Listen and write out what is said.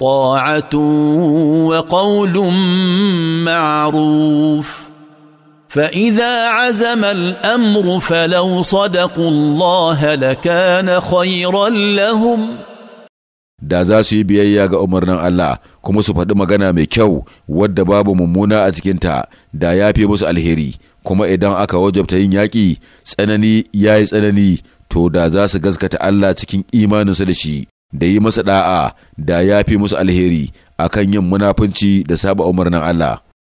طاعه وقول معروف فاذا عزم الامر فلو صدقوا الله لكان خيرا لهم da za su yi biyayya ga umarnin Allah kuma su faɗi magana mai kyau wadda babu mummuna a cikinta da ya fi musu alheri kuma idan aka wajabta yin yaƙi tsanani ya yi tsanani to da za su gaskata Allah cikin imaninsu da shi da yi masa da'a da ya fi musu alheri akan yin munafunci da saba umarnin Allah